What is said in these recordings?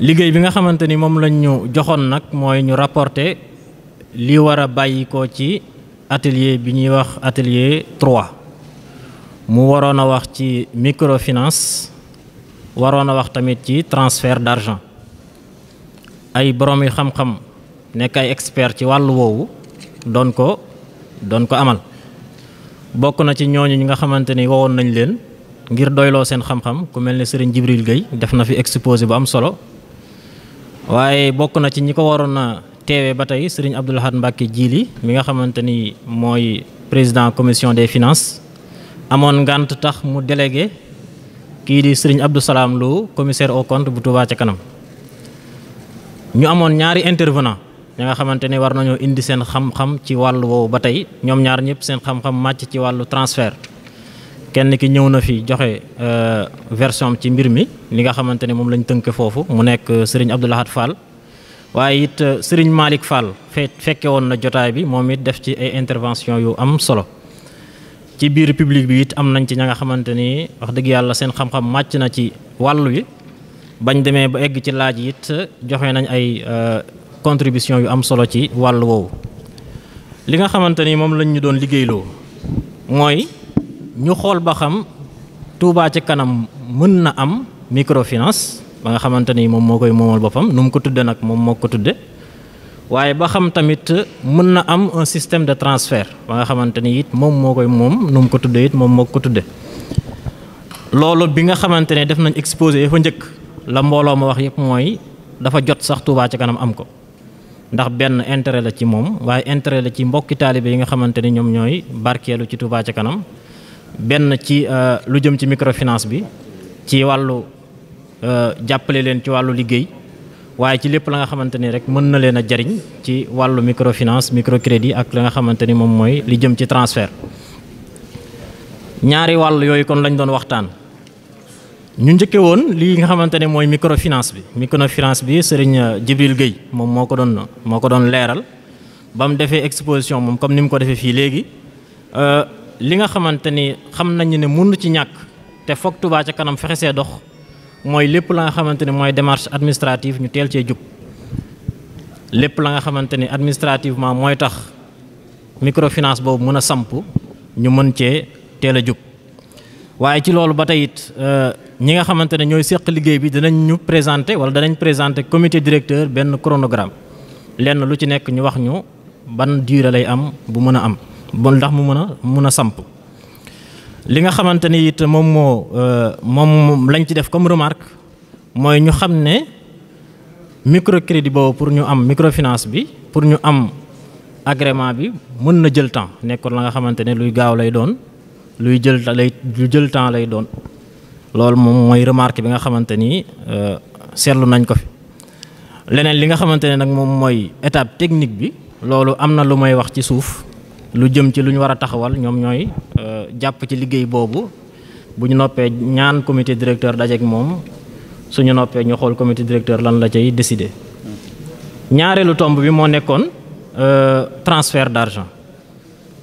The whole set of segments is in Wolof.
liggéey bi nga xamante ni moom lañ ñu joxoon nag mooy ñu rapporter li war a bàyyi ci atelier bi ñuy wax atelier 3 mu waroon a wax ci microfinance waroon a wax tamit ci transfert d'argent ay borom yi xam-xam nekk ay expert ci wàllu woowu doon ko doon ko amal bokk na ci ñooñu ñi nga xamante ni wowoon nañ leen ngir doyloo seen xam-xam ku mel ne sëriñ Jibril Gueye def na fi exposé bu am solo waaye bokk na ci ñi ko waroon na teewee ba tey sëriñ Abdoul Ahad Mbacké Jili mi nga xamante ni mooy président commission des finances amoon ngant tax mu délégué kii di sëriñ Abdou Salam Lo commissaire au compte bu Touba ca kanam ñu amoon ñaari intervenant ñi nga xamante ni war nañoo indi seen xam-xam ci wàllu woowu ba tey ñoom ñaar ñëpp seen xam-xam màcc ci wàllu transfert kenn ki ñëw na fi joxe euh, version ci mbir mi li nga xamante ni moom lañ tënk foofu mu nekk euh, sëriñ Abdou Lahad Fall waaye it euh, sëriñ Malick Fall fe fekke woon na jotaay bi moom it def ci ay intervention yu am solo ci biir public bi it am nañ ci ña nga xamante ni wax dëgg yàlla seen xam-xam màcc na ci wàll wi bañ demee ba egg ci laaj it joxe nañ ay contribution yu am solo ci wàll woowu li nga xamante ni moom lañ ñu doon liggéeyloo mooy ñu xool ba xam Touba ci kanam mën na am microfinance ba nga xamante ni moom moo koy moomal boppam nu ko tudde nag moom moo ko tudde waaye ba xam tamit mën na am un système de transfert ba nga xamante ni it moom moo koy moom nu mu ko tudde it moom moo ko tudde loolu bi nga xamante ne def nañ exposé fa njëkk la mbooloo ma wax yëpp mooy dafa jot sax Touba ci kanam am ko ndax benn intérêt la ci moom waaye intérêt la ci mbokki taalibe yi nga xamante ni ñoom ñooy barkeelu ci Touba ca kanam benn ci euh, lu jëm ci microfinance bi ci wàllu euh, jàppale leen ci wàllu liggéey waaye ci lépp la nga xamante ni rek mën na leen a jariñ ci wàllu microfinance microcrédit ak la nga xamante ni moom mooy li jëm ci transfert ñaari wàll yooyu kon lañ doon waxtaan ñu njëkke woon lii nga xamante ne mooy microfinance bi microfinance bi Serigne Jibril Gueye moom moo ko doon moo ko doon leeral ba mu defee exposition moom comme ni mu ko defee fii léegi euh, li nga xamante ni xam nañu ne mënu ci ñàkk te foog tubaa ca kanam fexe see dox mooy lépp la nga xamante ne mooy démarche administrative ñu teel cee jug lépp la nga xamante ni administrativement mooy tax microfinance boobu mën a samp ñu mën cee teel a jug waaye ci loolu ba ñi nga xamante ne ñooy seq liggéey bi danañ ñu présenter wala danañ présenter comité directeur benn chronogramme lenn lu ci nekk ñu wax ñu ban durée lay am bu mën a am bon ndax mu mën a mun a samp li nga xamante ni it moom moo euh, moom lañ ci def comme remarque mooy ñu xam ne microcrédit boobu pour ñu am microfinance bi pour ñu am agrément bi mën na jël temps nekkoon la nga xamante ne luy gaaw lay doon luy jël lay lu jël temps lay doon loolu moom mooy remarque bi nga xamante ni euh, seetlu nañ ko fi leneen li nga xamante ne nag moom mooy étape technique bi loolu am na lu may wax ci suuf lu jëm ci lu ñu war a taxawal ñoom ñooy euh, jàpp ci liggéey boobu bu ñu noppee ñaan comité directeur dajeek moom suñu noppee ñu xool comité directeur lan la ciy décider ñaareelu tomb bi moo nekkoon euh, transfert d'argent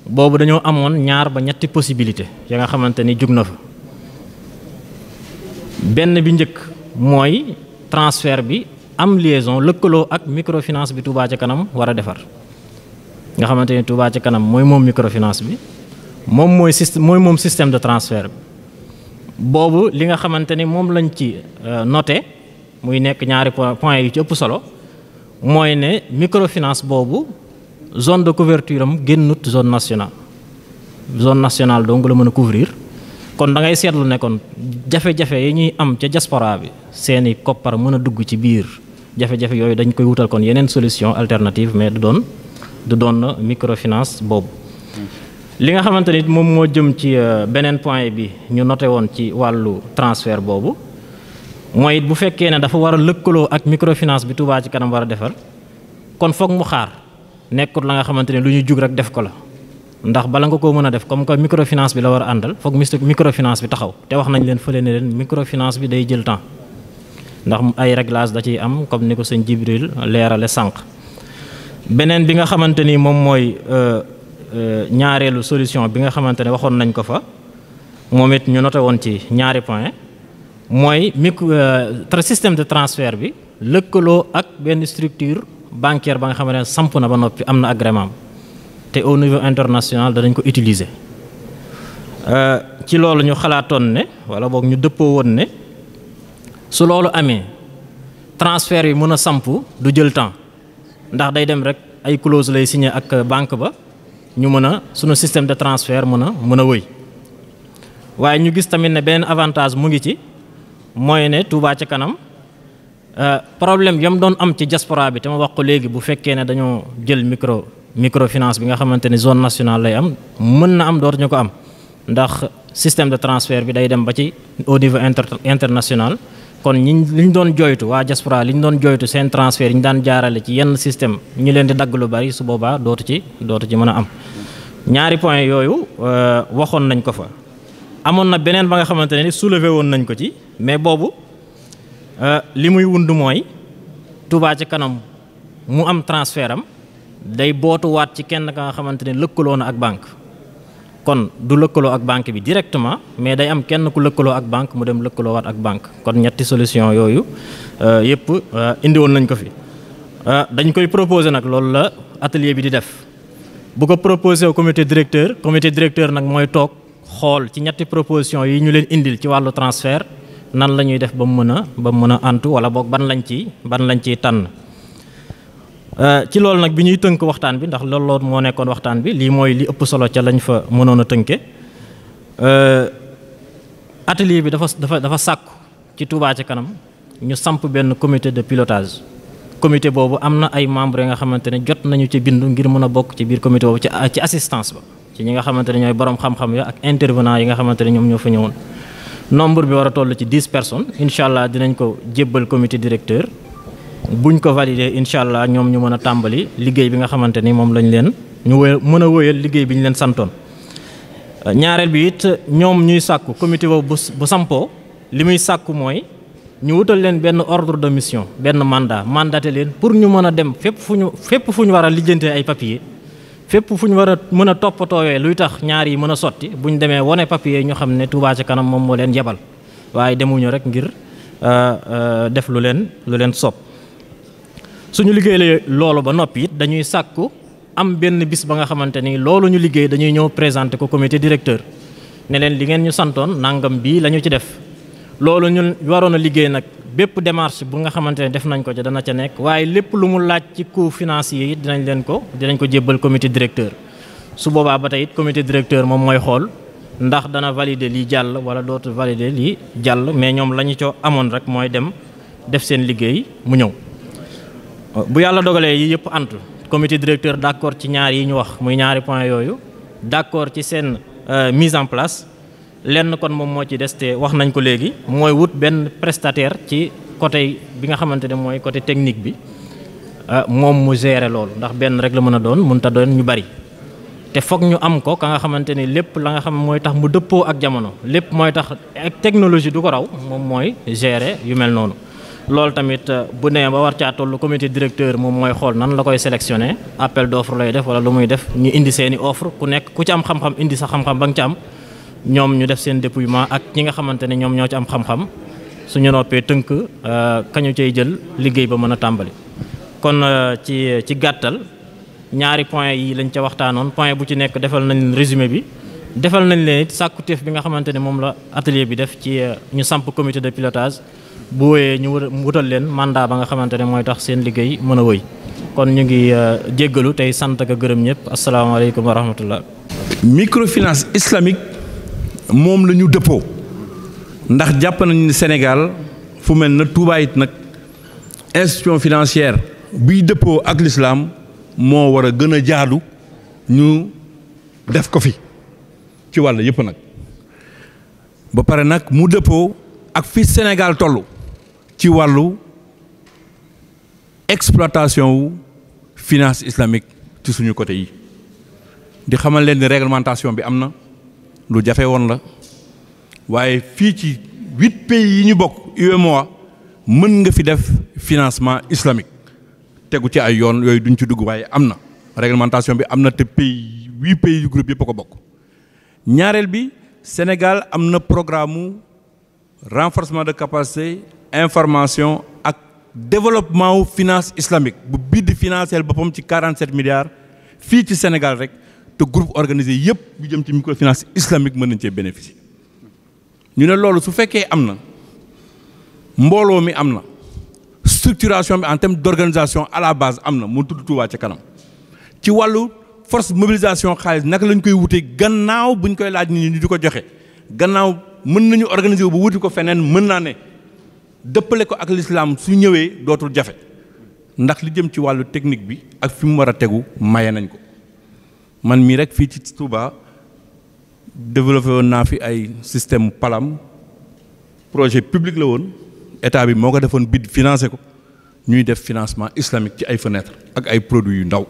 boobu dañoo amoon ñaar ba ñetti possibilité ya nga xamante ni jug na fa benn bi njëkk mooy transfert bi am lieson lëkkaloo ak microfinance bi Touba ci kanam war a defar nga xamante ni Touba ca kanam mooy moom microfinance bi moom mooy système moom système de transfert bi boobu li nga xamante ni moom lañ ci euh, noté muy nekk ñaari point yu ci ëpp solo mooy ne microfinance boobu zone de couverture am génnut zone nationale zone nationale dong la mën a couvrir kon da ngay seetlu ne kon jafe-jafe yi ñuy am ca diaspora bi seeni koppar mën a dugg ci biir jafe-jafe yooyu dañ koy wutal kon yeneen solution alternative mais du doon du doon microfinance boobu. li nga xamante ni moom moo jëm ci euh, beneen point bi ñu noté woon ci wàllu transfert boobu mooy it bu fekkee ne dafa war a lëkkaloo ak microfinance bi tubaa ci kanam war a defal kon foog mu xaar nekkul la nga xamante ne lu ñu jug rek def ko la. ndax bala nga koo mën a def comme que microfinance bi la war a àndal foog microfinance bi taxaw te wax nañ leen fële ne leen microfinance bi day jël temps ndax ay réglage da ciy am comme ni ko sëñ Jibril leerale sànq beneen bi nga xamante ni moom mooy euh, euh, ñaareelu solution bi nga xamante ne waxoon nañ ko fa moom it ñu noté woon ci ñaari point mooy micro euh, système de transfert bi lëkkaloo ak benn structure bancaire ba nga xam samp na ba noppi am na agrément te au niveau international danañ ko utiliser euh, ci loolu ñu xalaatoon ne wala boog ñu dëppoo woon ne su loolu amee transfert yi mën a sampu du jël temps ndax day dem rek ay clause lay signé ak banque ba ñu mën a sunu système de transfert mën a mën a wëy waaye ñu gis tamit ne benn avantage mu ngi ci mooy ne Touba ci kanam euh, problème yam doon am ci diaspora bi te ma wax ko léegi bu fekkee ne dañoo jël micro. microfinance bi nga xamante ni zone nationale lay am mën na am dootuñu ko am ndax système de transfert bi day dem ba ci au niveau inter international kon ñi li ñu doon joytu waa diaspora li ñu doon joytu seen transfert yi ñu daan jaarale ci yenn système ñu leen di dagg lu bari su boobaa dootu ci dootu ci mën a am ñaari point yooyu euh, waxoon nañ ko fa amoon na beneen ba nga xamante ne ni soulevé woon nañ ko ci mais boobu euh, li muy wund mooy Touba ci kanam mu am transfert am day bootuwaat ci kenn ka nga xamante ne lëkkaloo na ak banque kon du lëkkaloo ak banque bi directement mais day am kenn ku lëkkaloo ak banque mu dem lëkkaloo waat ak banque kon ñetti solution yooyu euh, yëpp euh, indiwoon nañ ko fi euh, dañ koy proposer nag loolu la atelier bi di def bu ko proposer au comité directeur commité directeur nag mooy toog xool ci ñetti proposition yi ñu leen indil ci wàllu transfert nan la ñuy def ba mu mën a ba mu mën a antu wala boog ban lañ ci ban lañ ciy tànn Euh, ci loolu nag bi ñuy tënk waxtaan bi ndax loolu moo nekkoon waxtaan bi lii mooy li ëpp solo ca lañ fa mënoon a tënke euh, atelier bi dafa dafa dafa sàkku ci Touba ci kanam ñu samp benn comité de pilotage comité boobu am na ay membre yi nga xamante ne jot nañu ci bindu ngir mën a bokk ci biir comité boobu ci ci assistance ba ci ñi nga xamante ne ñooy borom xam-xam ya ak intervenant yi nga xamante ne ñoom ñoo fa ñëwoon nombre bi war a toll ci dix personnes incha allah dinañ ko jébbal comité directeur buñ ko validé incha allah ñoom ñu mën a tàmbali liggéey bi nga xamante ni moom lañ leen ñu mën a wóyal liggéey bi ñu leen santoon. ñaareel bi it ñoom ñuy sàkku comité boobu bu sampoo li muy sàkku mooy ñu wutal leen benn ordre de mission benn mandat mandaté leen pour ñu mën a dem fépp fu ñu fépp fu ñu war a lijjantee ay papier fépp fu ñu war a mën a toppatoowee luy tax ñaar yi mën a sotti bu ñu demee wane papier ñu xam ne Touba ca kanam moom moo leen yebal waaye demuñu rek ngir euh, euh, def lu leen lu leen sopp suñu liggéeyee loolu ba noppi it dañuy sàkku am benn bis ba nga xamante ni loolu ñu liggéey dañuy ñëw présenter ko comité directeur ne leen li ngeen ñu santoon nangam bii la ci def loolu ñu waroon a liggéey nag bépp démarche bu nga xamante ne def nañ ko ca dana ca nekk waaye lépp lu mu laaj ci coût financier yi dinañ leen ko dinañ ko jébbal comité directeur su boobaa ba tey it comité directeur moom mooy xool ndax dana valider lii jàll wala dootu valider lii jàll mais ñoom la ñu co amoon rek mooy dem def seen liggéey mu ñëw bu yàlla dogalee yi yëpp antu comité directeur d' accord ci ñaar yi ñu wax muy ñaari point yooyu d' accord ci seen euh, mise en place lenn kon moom moo ci des te wax nañ ko léegi mooy wut benn prestataire ci côté bi nga xamante ne mooy côté technique bi euh, moom mu gérer loolu ndax benn rek la mën a doon mënut a doon ñu bari te foog ñu am ko ka nga xamante ni lépp la nga xam mooy tax mu dëppoo ak jamono lépp mooy tax ak technologie du ko raw moom mooy gérer yu mel noonu. loolu tamit euh, bu nee ba war caa toll comité directeur moom mooy xool nan la koy sélectionné appel d'offre lay def wala lu muy def ñu indi seen i offre ku nekk ku ci am xam-xam indi sa xam-xam ba nga ci am ñoom ñu def seen dépouillement ak ñi nga xamante ne ñoom ñoo ci am xam-xam suñu noppee tënk euh, kañu cay jël liggéey ba mën a tàmbali. kon euh, ci ci gàttal ñaari point yi lañ ca waxtaanoon point bu ci nekk defal nañ résumé bi. defal nañ leen it sàkkuteef bi nga xamante ne moom la atelier bi def ci euh, ñu samp comité de pilotage bu wëyee ñu wutal leen mandat ba nga xamante ne mooy tax seen liggéey mën a wëy kon ñu ngi euh, jéggalu tey sant ak gërëm ñëpp asalaamaaleykum wa rahmatullah microfinance islamique moom la ñu dëppoo ndax jàpp nañu ne Sénégal fu mel na Touba nag institution financière biy dëppoo ak lislaam moo war a gën a jaadu ñu def ko fi ci wàll yëpp nag ba pare nag mu dëppoo ak fi Sénégal toll ci wàllu exploitation wu finance islamique ci suñu côté yi di xamal leen ni réglementation bi am na lu jafe woon la waaye fii ci huit pays yi ñu bokk UEMOA mën nga fi def financement islamique tegu ci ay yoon yooyu duñ ci dugg waaye am na réglementation bi am na te pays huit pays groupe yëpp ko bokk ñaareel bi Sénégal am na programme mu renforcement de capacité information ak développement finance islamique bu bii di financer boppam ci 47 milliards fii ci Sénégal rek te groupe organisé yëpp yu jëm ci microfinance islamique mën nañ cee bénéficier ñu ne loolu su fekkee am na mbooloo mi am na structuration bi en terme d' organisation à la base am na mu tudd Touba ca kanam ci wàllu. force mobilisation xaalis naka lañ koy wutee gannaaw buñ koy laaj nit ñi du ko joxe gannaaw mën nañu organiser wu ba wuti ko feneen mën naa ne dëppale ko ak lislaam su ñëwee dootul jafe ndax li jëm ci wàllu technique bi ak fi mu war a tegu maye nañ ko man mii rek fii ci Touba développé woon naa fi ay système palam projet public la woon état bi moo ko defoon bid financé ko ñuy def financement islamique ci ay fenêtre ak ay produits yu ndaw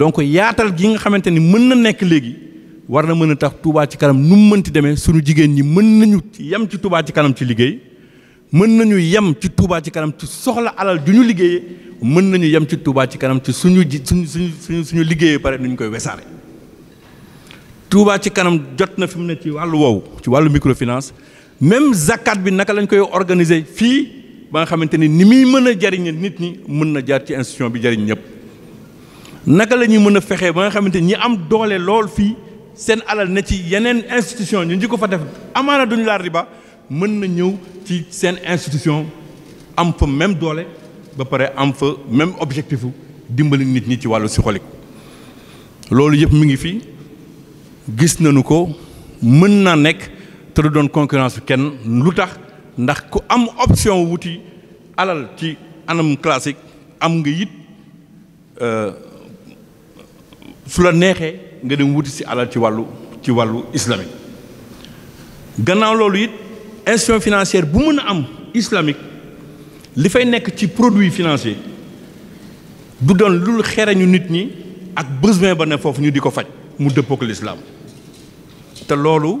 donc yaatal gi nga xamante ni mën na nekk léegi war na mën a tax Touba ci kanam nu mu mënti demee suñu jigéen ñi mën nañu yem ci Touba ci kanam ci liggéey mën nañu yem ci Touba ci kanam ci soxla alal ju ñu liggéeyee mën nañu yem ci Touba ci kanam ci suñu ji suñu suñu suñu liggéeyee pare nu ñu koy wesaare. Touba ci kanam jot na fi mu ne ci wàllu woowu ci wàllu microfinance même zakat bi naka lañ koy organiser fii ba nga xamante ni ni muy mën a jariñ nit ñi mën na jaar ci institution bi jariñ ñëpp. naka la ñuy mën a fexee ba nga xamante ñi am doole lool fii seen alal ne ci yeneen institution ñu di ko fa def amaana duñu laal riba mën na ñëw ci seen institution am fa même doole ba pare am fa même objectif dimbali nit ñi ci wàllu psychologique loolu yëpp mi ngi fii gis nanu ko mën naa nekk te du doon concurrence kenn lu tax ndax ku am option wuti alal ci anam classique am nga it. Euh, su la neexee nga dem wuti si alal ci wàllu ci wàllu islamique gannaaw loolu it institution financière bu mën a am islamique li fay nekk ci produit financier du doon lul xereñu nit ñi ak besoin ba ne foofu ñu di ko faj mu dëppook lislaam te loolu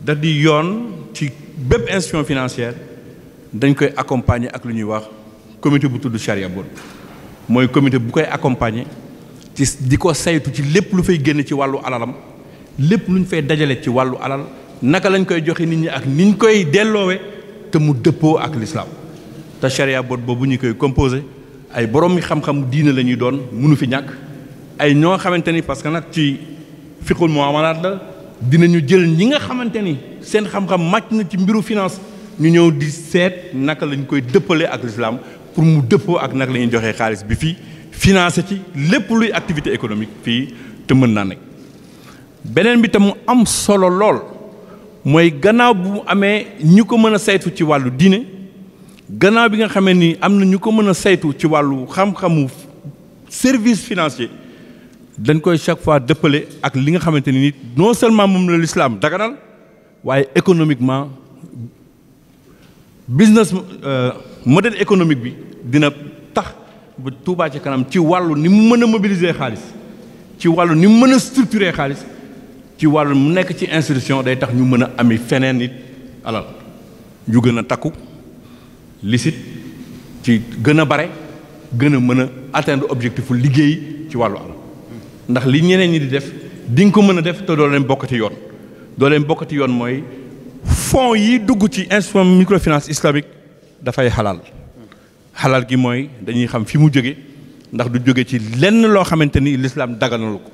da di yoon ci bépp institution financière dañ koy accompagner ak lu ñuy wax comité bu tudd charia board mooy comité bu koy accompagner ci di ko saytu ci lépp lu fay génne ci wàllu alalam lépp lu ñu fay dajale ci wàllu alal naka lañ koy joxe nit ñi ak ni ñu koy delloowe te mu dëppoo ak lislaam te charia boot boobu ñu koy composé ay borom mi xam-xam diine la ñuy doon mënu fi ñàkk ay ñoo xamante ni parce que nag ci fiqul muamalaat la ñu jël ñi nga xamante ni seen xam-xam màcc na ci mbiru finance ñu ñëw di seet naka lañ koy dëppale ak lislaam pour mu dëppoo ak naka la ñuy joxee xaalis bi fii financé ci lépp luy activité économique fii te mën naa nekk beneen bi tam mu am solo lool mooy gannaaw bu amee ñu ko mën a saytu ci wàllu diine gannaaw bi nga xamee ni am na ñu ko mën a saytu ci wàllu xam-xamu service financier dañ koy chaque fois dëppale ak li nga xamante ni nit non seulement moom la lislaam daganal waaye économiquement business euh, modèle économique bi dina ba Touba ci kanam ci wàllu ni mu mën a mobiliser xaalis ci wàllu ni mu mën a structurer xaalis ci wàllu mu nekk ci institution day tax ñu mën a ami feneen nit alal yu gën a takku licite ci gën a bare gën a mën a atteindre objectifu liggéey ci wàllu alal ndax li ñeneen ñi di def di nga ko mën a def te doo leen bokkati yoon doo leen bokkati yoon mooy fonds yi dugg ci institution microfinance islamique dafay xalaal xalaal gi mooy dañuy xam fi mu jóge ndax du jóge ci lenn loo xamante ni lislaam daganalu ko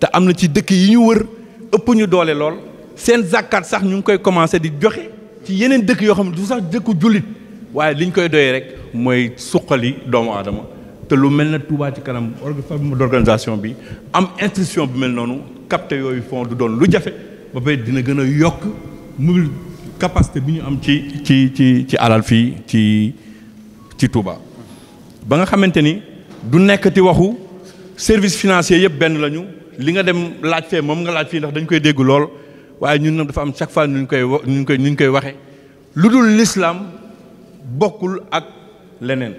te am na ci dëkk yi ñu wër ëpp ñu doole lool seen zakkaat sax ñu ngi koy commencé di joxe ci yeneen dëkk yoo xam ne du sax dëkku jullit waaye li ñu koy doyee rek mooy suqali doomu aadama te lu mel na Touba ci kanam forme bi am institution bu mel noonu capté yooyu fond du doon lu jafe ba pare dina gën a yokk mu capacité bi ñu am ci ci ci ci alal fii ci ci Touba. ba nga xamante ni du nekkati waxu service financier yëpp benn lañu li nga dem laaj fee moom nga laaj fii ndax dañ koy dégg lool waaye ñun nag dafa am chaque nu ñu koy ñu koy ñu koy waxee. lu dul lislaam bokkul ak leneen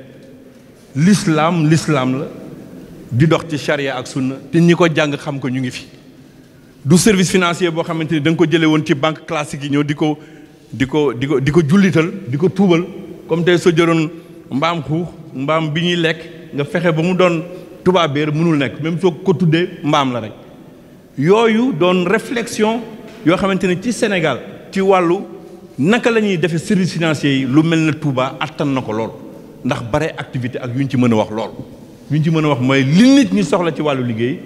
lislaam lislaam la di dox ci charia ak sunna te ñi ko jàng xam ko ñu ngi fi. du service financier boo xamante ni da ko jëlee woon ci banque classique yi ñëw di ko di ko di ko di ko jullital di ko tuubal comme tey soo jëloon mbaam xuux mbaam bi ñuy lekk nga fexe ba mu doon tubaab beer mënul nekk même soo ko tuddee mbaam la rek yooyu doon réflexion yoo xamante ne ci Sénégal ci wàllu naka la ñuy defee services financiers yi lu mel ne Touba attan na ko lool ndax bare activité ak yu ñu ci mën a wax lool yu ñu ci mën a wax mooy li nit ñu soxla ci wàllu liggéey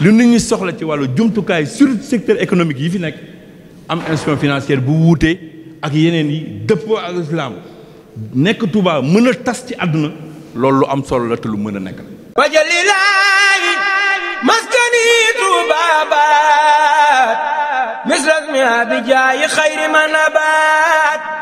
li nit ñi soxla ci wàllu jumtukaay sur secteur économique yi fi nekk am institution financière bu wuutee ak yeneen yi dëppoo ak islam nekk Touba mën a tas ci àdduna loolu lu am solo la te lu mën a nekk la wajalilaayi maskani Touba baat misras mi abijaayi xayri ma nabaat